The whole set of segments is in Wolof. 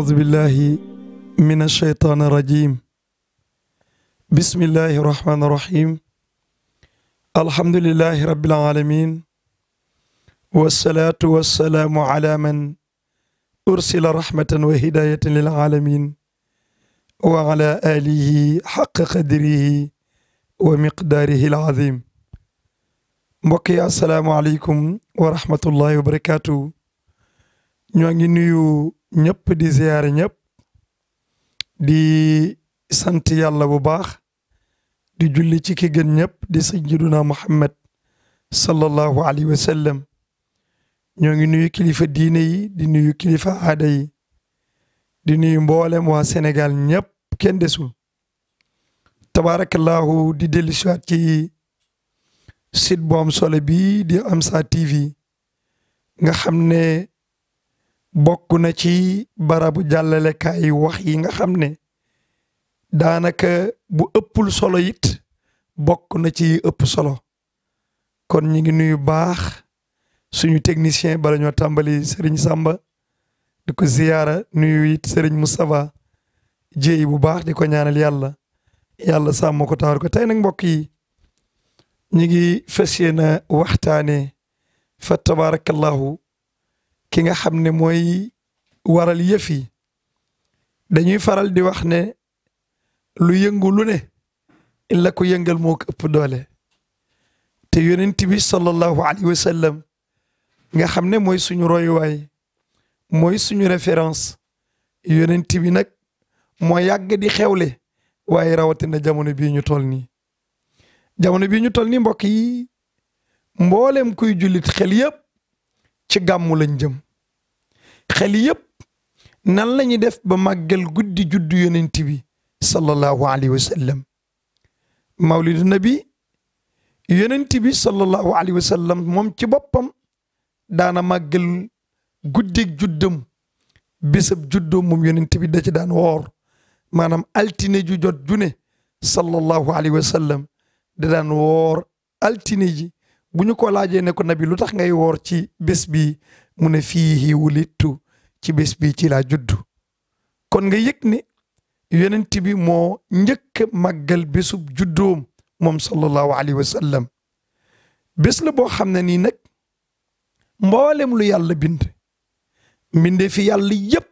أعوذ بالله من الشيطان الرجيم بسم الله الرحمن الرحيم الحمد لله رب العالمين والصلاة والسلام على من أرسل رحمة وهداية للعالمين وعلى آله حق قدره ومقداره العظيم mbokk yi asalaamaaleykum wa rahmatullahi wa barakaatu ñoo ngi nuyu ñëpp di ziyaare ñëpp di sant yàlla bu baax di julli ci ki gën ñëpp di sayyiduna Muhammad sallallahu alayhi wa sallam ñoo ngi nuyu kilifa diine di nuyu kilifa aada yi di nuyu mboolem waa senegal ñëpp kenn desul tabarakallahu di dellu siwaat ci site bu am solo bi di Amsa TV nga xam ne bokk na ci barabu jàllalekaay wax yi nga xam ne daanaka bu ëppul solo it bokk na ci ëpp solo kon ñu ngi nuyu baax suñu technicien bala ñoo tàmbali Serigne Samba di ko ziyaara nuyu it Serigne Moustapha jéey bu baax di ko ñaanal yàlla yàlla sàmm ko taxar ko tey nag mbokk yi ñu ngi fas yéene waxtaane fa tabarakallahu ki nga xam ne mooy waral yëf yi dañuy faral di wax ne lu yëngu lu ne la ko yëngal moo ko ëpp doole te yonent bi sallallahu alayhi wa nga xam ne mooy suñu royuwaay mooy suñu référence yonent bi nag moo yàgg di xewle waaye rawatina jamono bii ñu toll nii jamono bii ñu toll ni mbokk yi mboolem kuy jullit xel yëpp ci gàmmu lañ jëm xel yépp nan lañu def ba màggal guddi juddu yonent bi sallallahu alayhi wa sallam mawlidu nabi yonent bi sallallahu alayhi wa sallam moom ci boppam daana màggal guddig juddam bésab juddoom moom yonent bi da ci daan woor maanaam altine ju jot ju ne sallallahu alayhi wa sallam daan woor altine ji bu ñu ko laajee ne ko nabi lu tax ngay woor ci bés bi mu ne fii fiihi wulittu ci bés bi ci laa juddu kon nga yëg ne yonent bi moo njëkk a màggal bésub juddoom moom sallallahu alayhi wa sallam bés la boo xam ne nii nag mboolem lu yàlla bind mbinde fi yàlla yëpp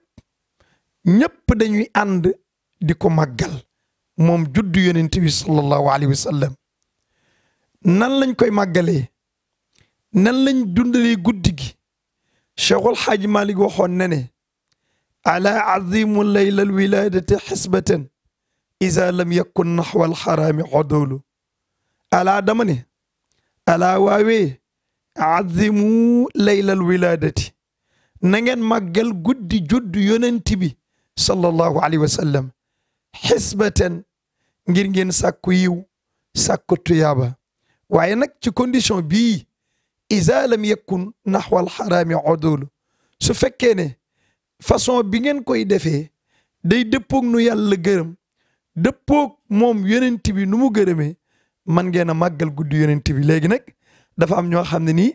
ñëpp dañuy ànd di ko màggal moom juddu yonent bi sallallahu alayhi wa sallam nan lañ koy màggalee nan lañ dundalee guddi gi cheikhul xaaji malik waxoon ne ala azimu layla alwiladati xisbatan isa lam yakun naxwa alxaraami xodoolu alaa dama ne alaa waawee azimu layla alwiladati na ngeen màggal guddi juddu yonent bi sallallahu alayhi wa sallam xisbatan ngir ngeen sàkku yiw sàkku tuyaaba waaye nag ci condition bii isa lam yakun naxwal xaraami odul su fekkee ne façon bi ngeen koy defee day dëppook nu yàlla gërëm dëppook moom yonent bi nu mu gërëmee man ngeen a màggal guddi yonent bi léegi nag dafa am ñoo xam ne ni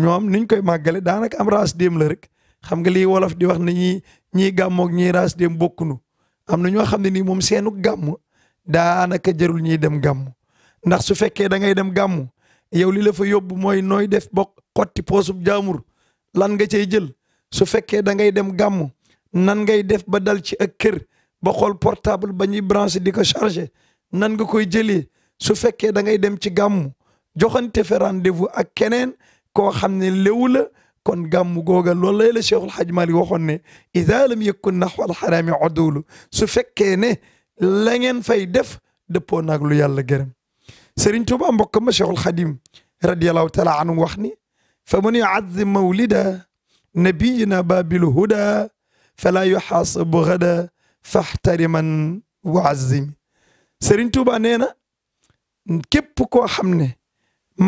ñoom niñ koy màggale daanaka am ras dem la rek xam nga lii wolof di wax ne ñii ñii gàmmoog ñii raas dem bokkunu am na ñoo xam ne nii moom seenu gàmm daanaka jarul ñiy dem gàmm ndax su fekkee dangay dem gàmmu yow li la fa yóbbu mooy nooy def bokk xotti poosub jaamur lan nga cee jël su fekkee da ngay dem gàmmu nan ngay def ba dal ci ak kër ba xool portable ba ñuy branché di ko chargé nan nga koy jëlee su fekkee da ngay dem ci gàmmu joxante fa rendez-vous ak keneen koo xam ne léwu kon gàmmu googa loolu lay la Cheikhul Hadj Malick waxoon ne ida lam yakun naxwal xaraami odulu su fekkee ne la ngeen fay def dëppoo naag lu yàlla gërëm Sëriñ Tuuba mbokkam ma Cheikhul Xadim radiyallahu taala anhu wax ni fa man yuazim mawlida nabiyina babil huda fala yuxaasabu gada faxtariman wa azimi Sëriñ Tuuba nee na képp koo xam ne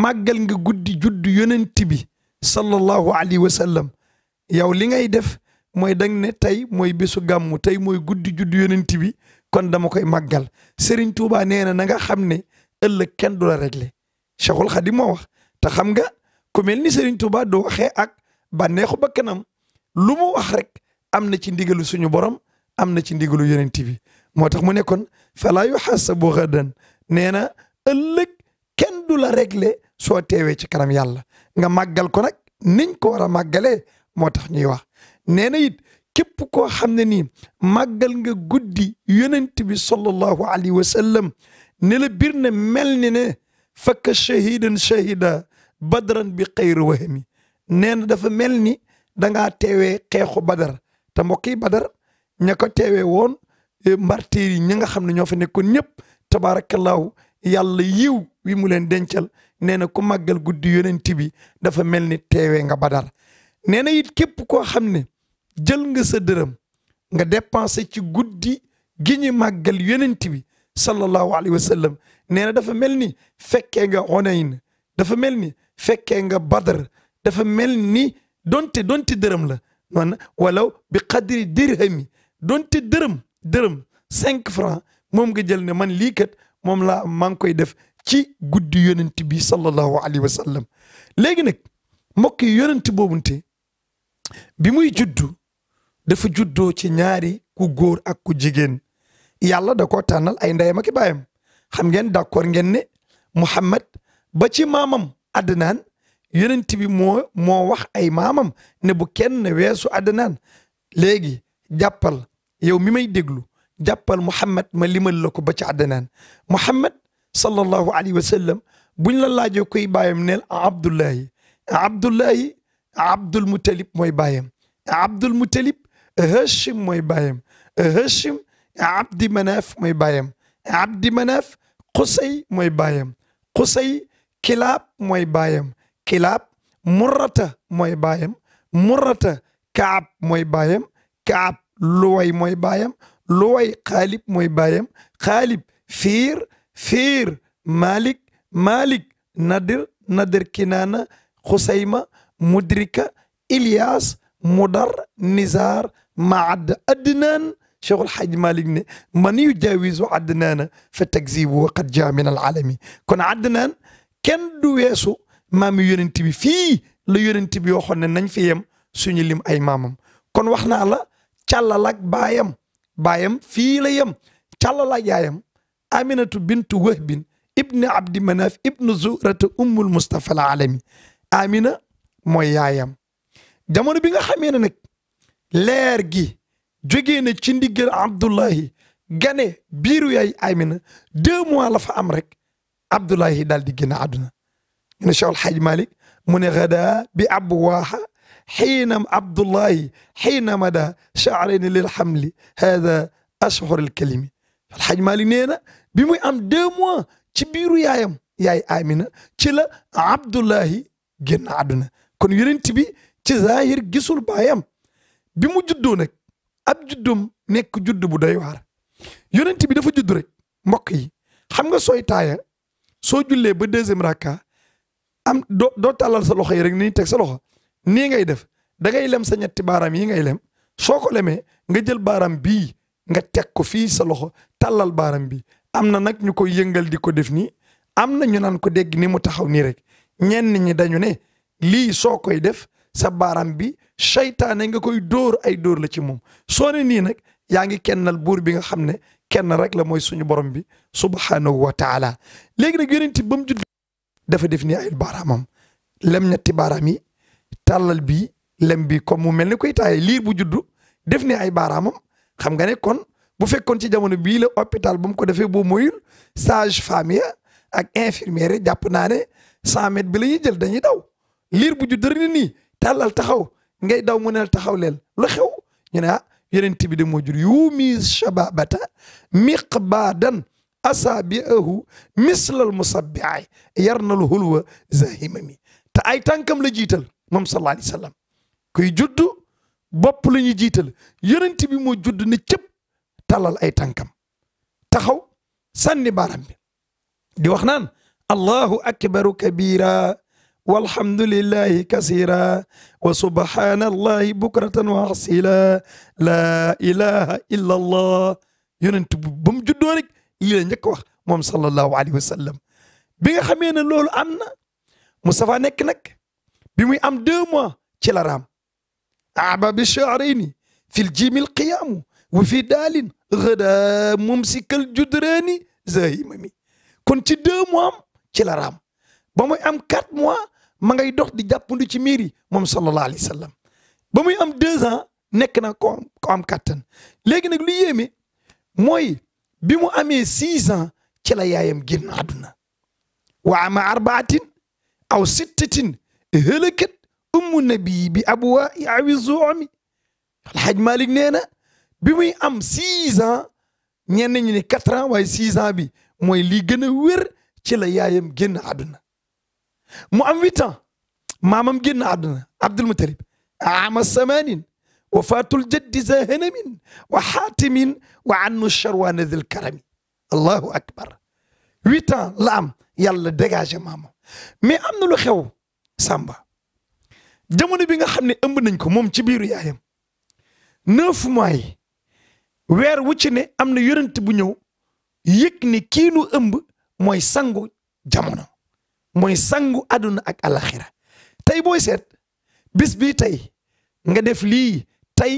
màggal nga guddi juddu yonent bi sallallahu alayhi wa sallam yow li ngay def mooy dang ne tey mooy bésu gàmmu tey mooy guddi juddu yonent bi kon dama koy màggal Sëriñ Tuuba nee na na nga xam ne ëllëg kenn du la réglé Cheikhul Khadim moo wax te xam nga ku mel ni Serigne Touba du waxee ak bànneexu bakkanam lu mu wax rek am na ci ndigalu suñu borom am na ci ndigalu yonent bi moo tax mu ne kon falaa yu xaasabu xadan nee na ëllëg kenn du la réglé soo teewee ci kanam yàlla nga màggal ko nag niñ ko war a màggalee moo tax ñuy wax nee na it képp koo xam ne nii màggal nga guddi yonent bi sallallahu alayhi wa sallam ne la bir ne mel ni ne fakka shahidan shahida badran bi xayri wahmi nee na dafa mel ni da ngaa teewee xeexu badar te mbokk yi badar ña ko teewee woon eh, martyr yi ñi nga xam ne ñoo fa nekkoon ñëpp tabaarakallaahu yàlla yiw wi mu leen dencal nee na ku màggal guddi yonent bi dafa mel ni teewee nga badar nee na it képp koo xam ne jël nga sa dërëm nga dépensé ci guddi gi ñu màggal yonent bi sallallahu alayhi wa sallam nee na dafa mel ni fekkee nga Xunayn dafa mel ni fekkee nga Badr dafa mel ni donte donte dërëm la noon walaw bi qadri dirhami donte dërëm dërëm cinq francs moom nga jël ne man lii moom laa maa ngi koy def ci guddi yonent bi sallallahu alayhi wa sallam léegi nag mbokk yi yonent boobunte bi muy juddu dafa juddoo ci ñaari ku góor ak ku jigéen yàlla da ko tànnal ay ndeyam ak baayam xam ngeen d'accord geen ne Muhammad ba ci maamam Adnaan yonent bi moo moo wax ay maamam ne bu kenn weesu Adnaan léegi jàppal yow mi may déglu jàppal Muhammad ma limal la ko ba ci Adnaan Muhammad sallallahu alayhi wa sallam buñ la laajoo koy baayam neel Abdullahi Abdullahi Abdul Mutalib mooy baayam Abdul Mutalib Hashim mooy baayam Hashim abdi manaaf mooy baayam abdi manaaf xusay mooy baayam xusay kilaab mooy baayam kilaab murrata mooy baayam murrata kaab mooy baayam kaab luway mooy baayam luway xaalib mooy baayam xaalib fiir fiir malik malik nadir nadir kinaana xusayma mudrika ilias mudar nizar maad adnaan Cheikh El Hadj Malick ne man yu jaawisu Adnaana fa takzibu qad jaa min al alami kon Adnaan kenn du weesu maami yonent bi fii la yonent bi waxoon ne nañ fi yem suñu lim ay maamam kon wax naa la càllalak baayam baayam fii la yem càllalak yaayam Aminatu bintu Wahbin ibni Abdi Manaf ibnu Zuhrata ummul Mustafa al alami Amina mooy yaayam jamono bi nga xamee ne nag leer gi. jógee na ci ndiggal Abdullahi gane biiru yaay Amina deux mois la fa am rek Abdullahi daal di génn àdduna ñu ne Cheikh El Hadj mu ne ghadaa bi abwaaha xiina Abdullahi xiina mada shaarayni lil hamli hada ashhur al kalimi El Hadj Malick na bi muy am deux mois ci biiru yaayam yaay Amina ci la Abdullahi génn àdduna kon yonent bi ci zahir gisul baayam bi mu juddoo nag ab juddum nekk juddu bu doy waar yonent bi dafa judd rek mbokk yi xam nga sooy taaya soo jullee ba deuxième rakka am doo doo tàllal sa loxo yi rek ni teg sa loxo nii ngay def da ngay lem sa ñetti baaraam yi ngay lem soo ko lemee nga jël baaraam bii nga teg ko fii sa loxo tàllal baaraam bi am na nag ñu koy yëngal di ko def nii am na ñu ko dégg ni mu taxaw nii rek ñenn ñi dañu ne lii soo koy def sa baaraam bi seytaane nga koy dóor ay dóor la ci moom soo ne nii nag yaa ngi kennal buur bi nga xam ne kenn rek la mooy suñu borom bi subhaanahu wa taala léegi nag yonent ba mu judd dafa def ni ay baaraamam lem ñetti baaraam yi tàllal bii lem bi comme mu mel ni koy taaye liir bu juddu def ni ay baaraamam xam nga ne kon bu fekkoon ci jamono bii la hôpital ba mu ko defee boo moyul sage femme ak infirmière jàpp naa ne cent mètres bi la ñuy jël dañuy daw liir bu judd rek ni nii tàllal taxaw ngay daw mu neel taxaw leel la xew ñu ne ah yonent bi de moo jur yuumi shababata miqbaadan asaabiahu mislal musabbiaay yar na lu hulwa zahimami te ay tànkam la jiital moom sallallahu alayhi wasallam kuy judd bopp la ñu jiital yonent bi moo judd ne cëpp talal ay tànkam taxaw sànni baaram bi di wax naan allahu akbaru kabira walhamdulillahi kasira wa subhanallahi bukratan wa asila laa ilaha illa allah yonent bu ba mu juddoo la njëkk wax moom sallallahu alayhi wa sallam bi nga xamee ne loolu am na Moustapha nekk nag bi muy am deux mois ci la raam aba bi shaarayni fi l jimil qiyaamu wa fi daalin gëda mumsikal judreeni zahima mi kon ci deux mois ci la raam ba muy am quatre mois ma ngay dox di jàppandu ci miir yi moom sallallahu alayhi wa ba muy am deux ans nekk na ko ko am kàttan léegi nag lu yéeme mooy bi mu amee six ans ci la yaayam génn àdduna waa ama arbaatin aw sittatin hëlëkat ummu nabii bi abuwa awi zoomi alhaj malik nee na bi muy am six ans ñenn ñu ne quatre ans waaye six ans bi mooy lii gën a wér ci la yaayam génn àdduna mu am huit ans maamam génn àdduna Abdul Mutalib ama samanin wa fatul jaddi za hanamin wa xaatimin wa annu charwaana dil karami allahu akbar huit ans la am yàlla dégagé maamam am na lu xew Samba jamono bi nga xam ne ëmb nañ ko moom ci biiru yaayam neuf mois yi weer wu ci am na yonent bu ñëw yëg ni kii ëmb mooy sangu jamono mooy sangu àdduna ak alaxira tey booy seet bis bi tey nga def lii tey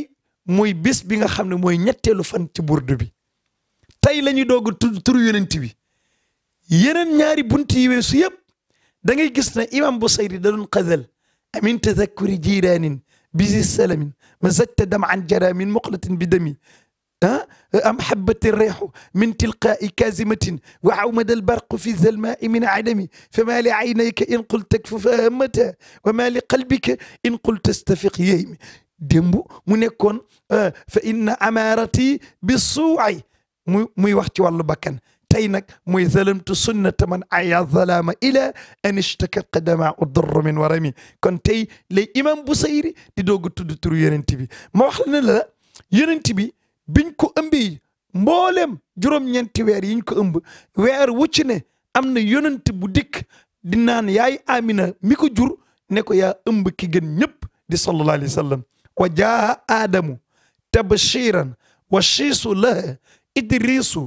mooy bis bi nga xam ne mooy ñetteelu fan ci burdu bi tey la ñuy doog a tudd turu yonent bi yeneen ñaari bunt yi weesu yëpp da gis ne imam Busayri da doon xadal amin tadakkuri jiraanin bisi salamin mazajta dam an jaramin muqlatin bi dami ah am xabati reexu min tilqaai kazimatin wa awmada albarqu fi zalmaai min adami fa maa li aynayka in qulta kfufa hammata wa maa li qalbika in qulta stafiq yeymi démb mu nekkoon fa inna amaarati bi suuay mu muy wax ci wàllu bakkan tey nag mooy zalamtu sunnata man aya zalama ila an ishtaka qadama udarru min warami kon tey lay imam Busayri di doog a tudd turu yonent bi ma wax la ne la yonent bi biñ ko ëmbi mboolem juróom-ñeenti weer yiñ ko ëmb weer wu am na yonent bu dikk di naan yaay Amina mi jur ne ko yaa ëmb ki gën ñëpp di sallallahu alayhi wa sallam wa jaa aadamu tabshiran wa shiisu laha idrisu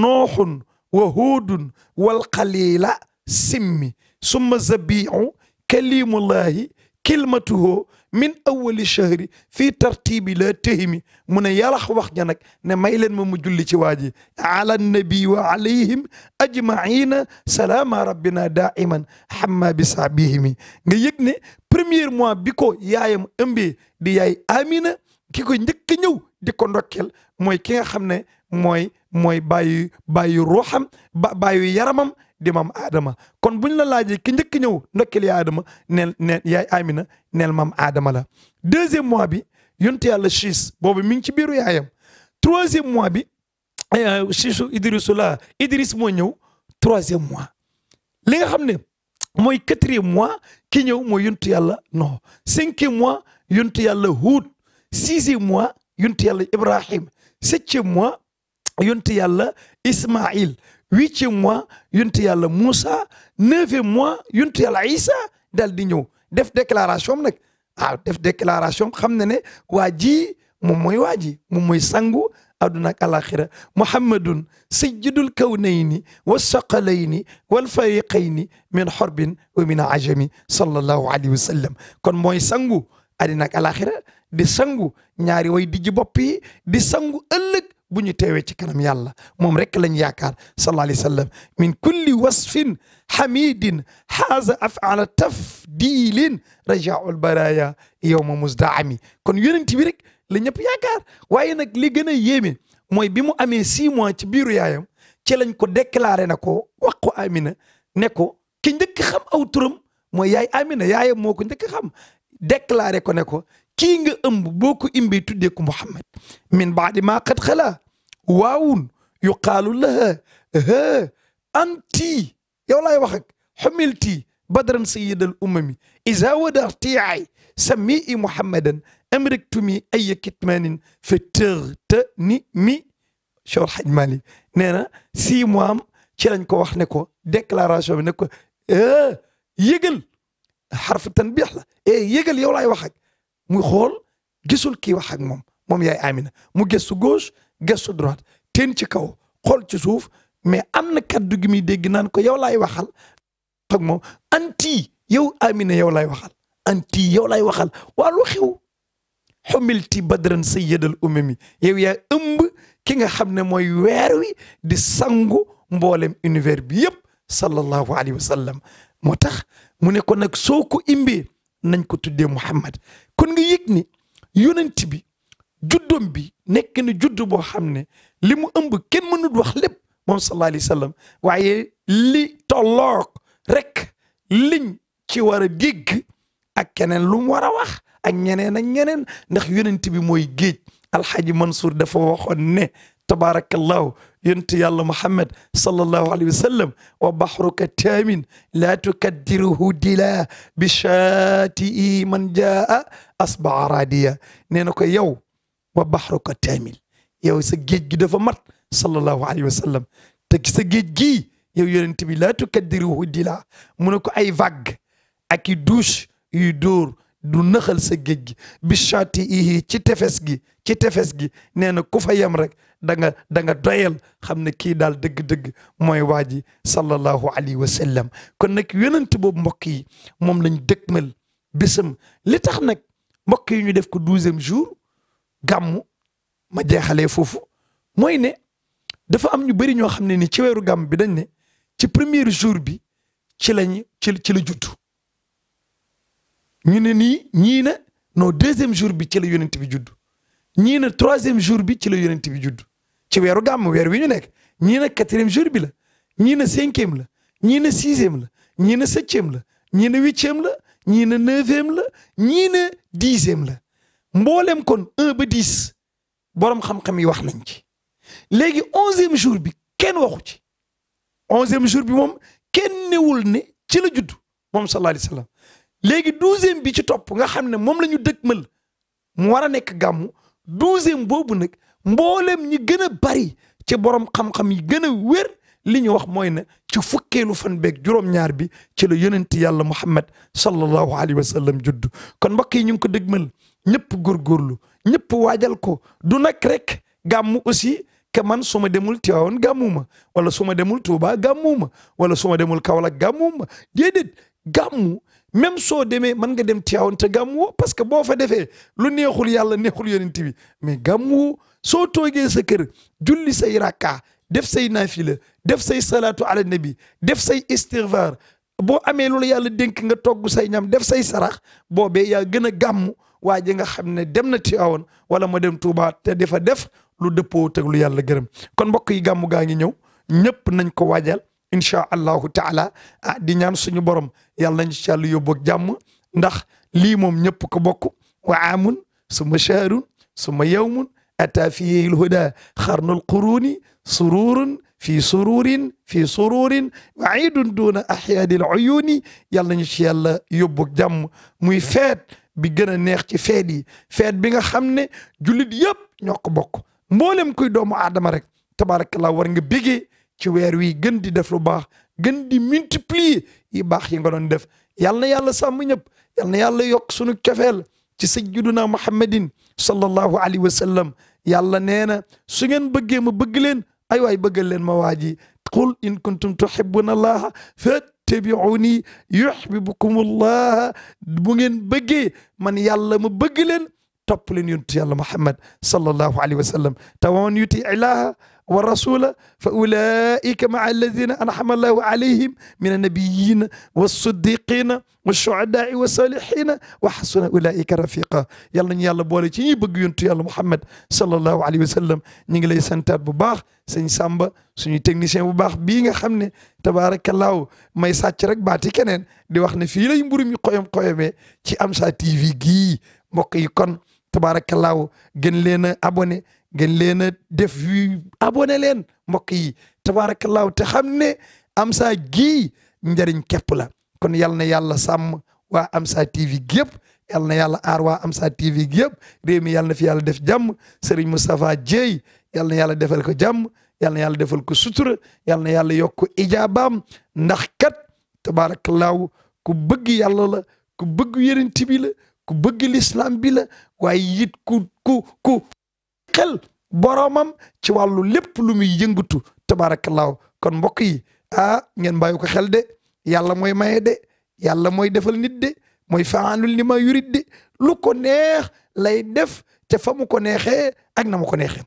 nooxun wa huudun wal qalila simmi summa zabiu kalimullahi kilmatuhu min awali chahri fii tartibi la tehimi mu ne yalax wax ja nag ne may leen ma mu julli ci waa ji ala nabi wa alayhim ajmaina salaama rabbina daiman hamma bi saabihimi nga yëg premier mois bi ko yaayam ëmbee di yaay amina ki ko njëkk ñëw di ko ndokkel mooy ki nga xam ne mooy mooy bàyyu bàyyu ruuxam yaramam di maam aadama kon buñ la laajee ki njëkk ñëw ndokkeel yaa aadama neel neel yaay amina neel mam aadama la deuxième mois bi yonte yàlla siis boobu mi ngi ci biiru yaayam troisième mois bi siisu eh, idrisu la idris moo ñëw troisième mois li nga xam ne mooy quatrième mois ki ñëw mooy yontu yàlla non cinquième mois yontu yàlla huud sixième mois yontu yàlla ibrahim septième mois yontu yàlla ismail huitième mois yuntu yàlla Moussa neuvième mois yonent yàlla Isa daal di ñëw def déclaration am nag ah def déclaration xam ne ne waa ji moom mooy waa ji moom mooy sangu aduna ak alaxira muhammadun sayyidul kawnayni wa saqalayni wal fariqayni min xorbin wa min ajami sallallahu alayhi wa sallam kon mooy sangu aduna ak alaxira di sangu ñaari way dijji bopp di sangu ëllëg bu ñu teewee ci kanam yàlla moom rek lañ yaakaar sallallahu alayhi wa sallam min kulli wasfin xamidin xaaza afaala tafdilin rajaul baraya yowma musdaami kon yonent bi rek la ñëpp yaakaar waaye nag li gën a yéeme mooy bi mu amee six mois ci biiru yaayam ci lañ ko déclaré na ko wax Amina ne ko ki njëkk xam aw turam mooy yaay Amina yaayam moo njëkk xam déclaré ko ne ko kii nga ëmb boo ko imbee tuddee ko Muhammad min baadi maa qad xala waawun yuqaalu laha ha anti yow laay wax ak xumilti badran sayidal umami isa wadartiyaay samii muhammadan amriktumi aya kitmanin fa tërta ni mi Cheikh Hadj Mali nee na six mois am ci lañ ko wax ne ko déclaration bi ne ko eh, yëgal xarfu tanbiix la e eh, yëgal yow laay wax ak muy xool gisul kii wax ak moom moom yaay Amina mu gëstu gauche gëstu droite teen ci kaw xool ci suuf mais am na kaddu gi muy naan ko yow laay waxal ak moom anti yow Amina yow laay waxal anti yow laay waxal waa lu xew xumilti badran sayyidal umami yow yaa ëmb ki nga xam ne mooy weer di sangu mboolem univers bi yëpp sallallahu alayhi wa sallam moo tax mu ne nag soo ko imbee nañ ko tuddee Muhammad kon nga yëg ni yonent bi juddoom bi nekk na judd boo xam ne li mu ëmb kenn mënut wax lépp moom sallallahu alayhi wa waaye li tolloog rekk liñ ci war a dégg ak keneen lu mu war a wax ak ñeneen ak ndax yonent bi mooy géej alxaaji Mansour dafa waxoon ne tabarakallahu yonent yàlla Muhammad sallallahu alayhi wa sallam wa bahruka taamin laa tukaddiruhu dila bi shaatii man jaa asbaa raadiya nee na ko yow wa bahruka taamin yow sa géej gi dafa mat sallallahu alayhi wa sallam te sa géej gii yow yonent bi laa mu ne ko ay vague ak i douche yuy du naxal sa géej gi bi shaatii ci tefes gi ci tefes gi nee na ku fa yem rek danga nga da nga doyal xam ne kii daal dëgg-dëgg mooy waa ji sallallahu alayhi wa sallam kon nag yonent boobu mbokk yi moom lañ dëgmal bésam li tax nag mbokk yi ñu def ko douzième jour gàmm ma jeexale foofu mooy ne dafa am ñu bëri ñoo xam ne ni ci weeru gàmm bi dañ ne ci premier jour bi ci lañ ci ci la judd ñu ne nii ñii na non deuxième jour bi ci la yonent bi judd ñii na troisième jour bi ci la yonent bi judd ci weeru gàmm weer wi ñu nekk ñiina na quatrième jour bi la ñii na cinquième la ñii na sixième la ñii na septième la ñii na huitième la ñii na neuvième la ñii na dixième la mboolem kon un ba dix borom xam-xam yi wax lañ ci léegi onzième jour bi kenn waxu ci onzième jour bi moom kenn newul ne ci la judd moom sallallahu alayhi wa sallam léegi douzième bi ci topp nga xam ne moom la ñu mël mu war a nekk gàmmu douzième boobu nag mboolem ñi gën a bari ci borom xam-xam yi gën a wér li ñu wax mooy ne ci fukkeelu fan beeg juróom-ñaar bi ci la yonenti yàlla muhammad sallallahu alayhi wa sallam judd kon mbokk yi ñu ngi ko dégmal ñëpp góorgóorlu ñëpp waajal ko du nag rek gàmmu aussi que man su ma demul Tiwaawan gàmmuma wala su ma demul Tuuba gàmmuma wala su ma demul Kaolack gàmmuma déedéet gàmmu même soo demee mën nga dem Tiwaawan ta gàmmuwoo parce que boo fa defee lu neexul yàlla neexul yonent bi mais gàmmuwoo soo toogee sa kër julli say rakka def say naafila def say salaatu ala nabi def say istigfaar boo amee loolu yàlla dénk nga togg say ñam def say sarax boobee yaa gën a gàmm waa ji nga xam ne dem na Tiwaawan wala ma dem Touba te dafa def lu dëppoo teg lu yàlla gërëm kon mbokk yi gàmmu gaa ngi ñëw ñëpp nañ ko waajal incha allahu taala ah di ñaan suñu borom yàlla nañu ci yàlla yóbbu ak jàmm ndax lii moom ñëpp ko bokk wa aamun suma shahrun suma yawmun ata fiyil huda xarnul quruni sururun fi sururin fi sururin wa iidun duna axyaadil uyuni yàlla nañu ci yàlla yóbbu ak jàmm muy feet bi gën a neex ci feet yi feet bi nga xam ne jullit yëpp ñoo bokk mboolem kuy doomu aadama rek tabarakallah war nga bégee ci weer wi gën di def lu baax gën di multiplier yi baax yi nga doon def yàlla na yàlla sàmm ñëpp yàlla na yàlla yokk sunu cofeel ci sayyiduna muhammadin sallallahu alayhi wa sallam yàlla nee na su ngeen bëggee ma bëgg leen ay waay bëggal leen ma waaji qul in kuntum tuhibbuna allaha fattabi'uni yuhibbukum allah bu ngeen bëggee man yàlla ma bëgg leen topp leen yontu yàlla muhammad sallallahu alayhi wa sallam te waman yuti ilaha wa rasula fa ulaika maa alladina anhama allahu alayhim min annabiyina wassiddiqina washuhadaai wasalihina wa xasuna ulaika rafiqa yàlla nañu yàlla boole ci ñuy bëgg yontu yàlla Muhammad sallallahu alayhi wa sallam ñu ngi lay santaat bu baax sëñ Samba suñu technicien bu baax bii nga xam ne tabaarakallaahu may sàcc rek baat yi keneen di wax ne fii lay mburu mi xoyom xoyomee ci Amsa TV gii mbokk yi kon tabaarakallaahu gën leen a abonné ngeen leen a def yu abonné leen mbokk yi law te xam ne Amsa gii njëriñ képp la kon yal na yàlla sàmm waa Amsa TV gi yëpp yal na yàlla aar waa Amsa TV gi yëpp yal na fi yàlla def jàmm Serigne Moustapha Dieye yal na yàlla defal ko jàmm yal na yàlla defal ko sutur yal na yàlla yokk ijaabaam ndax kat tabaarakallaahu ku bëgg yàlla la ku bëgg yonent bi ku bëgg lislaam bi la waaye ku ku xel boroomam ci wàllu lépp lu muy yëngatu tabaarakallaahu kon mbokk yi ah ngeen bayu ko xel de yàlla mooy maye de yàlla mooy defal nit de mooy faalul li ma yurit de lu ko neex lay def te fa mu ko neexe ak na mu ko neexe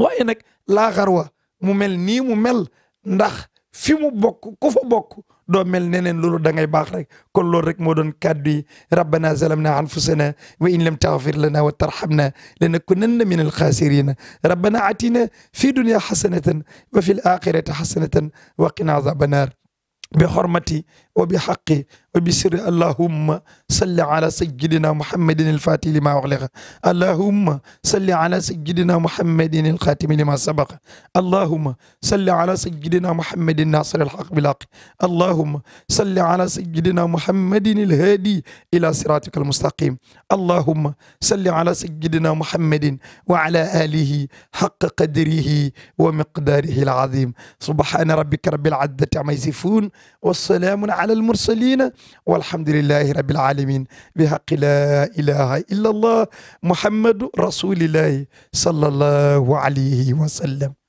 waaye nag laa xarwa mu mel nii mu mel ndax fi mu bokk ku bokk doo mel neneen loolu da ngay baax rek kon loolu rek moo doon kàddu yi rabbana zalamna anfusana wa in lam taghfir lana wa tarhamna lanakunanna min alxaasirina rabbana atina fi dunya xasanatan wa fi l axirati xasanatan wa qina azaba naar bi xormati wa bi xaqi wa bi sirri allahumma salli ala sayyidina muhammadin alfatih lima ughliqa allahumma salli ala sayyidina muhammadin alxatimi lima sabaqa allahumma salli ala sayyidina muhammadin nasir alxaq bilxaq allahumma salli ala sayyidina muhammadin alhadi ila siratika almustaqim allahumma salli ala sayyidina muhammadin wa ala alihi xaqa qadrihi wa miqdarihi alazim subhana rabbika rabbil izzati amma yasifun wa salamun ala almursalina walhamdulillahi rabbil alamin bi haqqi la ilaha illa allah muhammadu rasulillahi sallallahu alayhi wa sallam